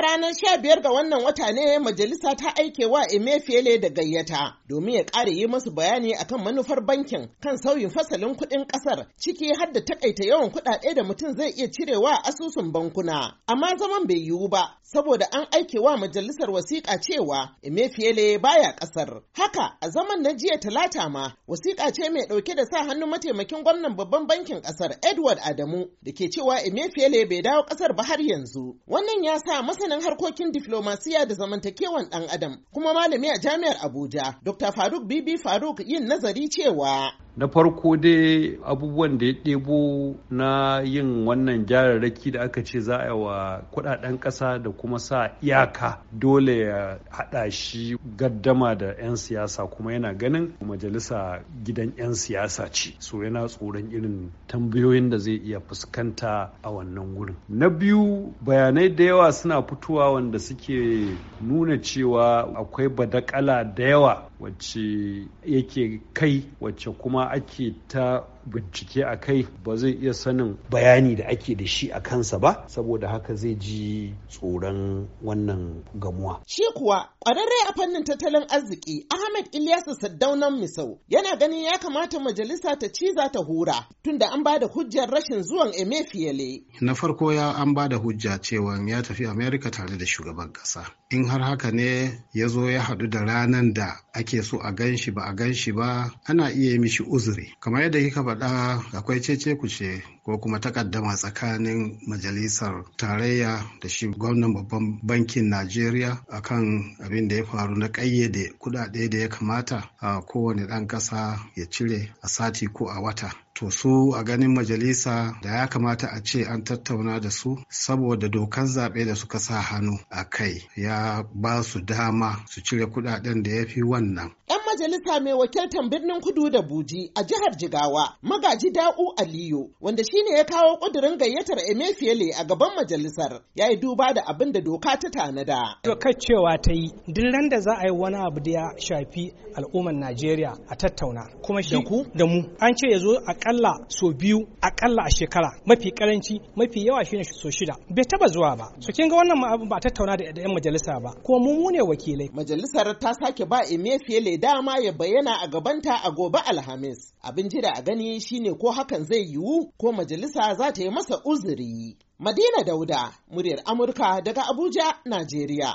a ranar sha biyar ga wannan wata ne majalisa ta aike wa Emefiele da gayyata domin ya ƙara yi masu bayani akan manufar bankin kan sauyin fasalin kuɗin ƙasar ciki har da takaita yawan kuɗaɗe da mutum zai iya cirewa asusun bankuna. Amma zaman bai yiwu ba saboda an aike wa majalisar wasiƙa cewa Emefiele baya ƙasar. Haka a zaman na jiya talata ma wasiƙa ce mai ɗauke da sa hannun mataimakin gwamnan babban bankin ƙasar Edward Adamu da ke cewa Emefiele bai dawo ƙasar ba har yanzu. Wannan ya sa masana masanin harkokin diflomasiya da zamantakewan ɗan adam kuma malami a jami'ar Abuja, Dr. Faruk Bibi Faruk yin nazari cewa na farko dai abubuwan da ya ɗebo na yin wannan jararraki da aka ce za a yi wa kudaden ƙasa da kuma sa iyaka dole ya haɗa shi gaddama da 'yan siyasa kuma yana ganin majalisa gidan 'yan siyasa ce so yana tsoron irin tambayoyin da zai iya fuskanta a wannan wurin na biyu bayanai da yawa suna fitowa wanda suke nuna cewa akwai badakala da yawa wacce yake kai wacce kuma ake ta bincike a kai ba zai iya sanin bayani da ake da shi a kansa ba saboda haka zai ji tsoron wannan gamuwa. Shi kuwa ƙwararre a fannin tattalin arziki Ahmed Ilyasu Saddaunan Misau yana ganin ya kamata majalisa ta ciza ta hura tunda an ba da hujjar rashin zuwan Emefiele. Na farko ya an ba da hujja cewa ya tafi Amerika tare da shugaban ƙasa. In har haka ne ya zo ya haɗu da ranar da ake so a ganshi ba a gan ba ana iya mishi uzuri. Kamar yadda kika faɗa akwai cece kuce ko kuma takaddama tsakanin majalisar tarayya da shi gwamnan babban bankin najeriya akan abin da ya faru na ƙayyade kuɗaɗe da ya kamata a kowane ɗan ƙasa ya cire a sati ko a wata to su a ganin majalisa da ya kamata a ce an tattauna da su saboda dokan zaɓe da suka sa hannu a kai ya ba su dama su cire kuɗaɗen da ya fi wannan majalisa mai wakiltar birnin kudu da buji a jihar jigawa magaji da'u aliyu wanda shine ya kawo kudurin gayyatar emefiele a gaban majalisar ya yi duba da abin da doka ta tanada dokar cewa ta yi duk da za a yi wani abu da ya shafi al'ummar najeriya a tattauna kuma shi da mu an ce ya zo akalla so biyu akalla a shekara mafi karanci mafi yawa shine so shida bai taba zuwa ba so kin ga wannan abin ba tattauna da 'yan majalisa ba kuma mu ne wakilai majalisar ta sake ba emefiele dama dama ya bayyana a gabanta a gobe Alhamis. Abin jira a gani shine ko hakan zai yiwu ko majalisa za ta yi masa uzuri. Madina Dauda, muryar Amurka daga Abuja, Najeriya.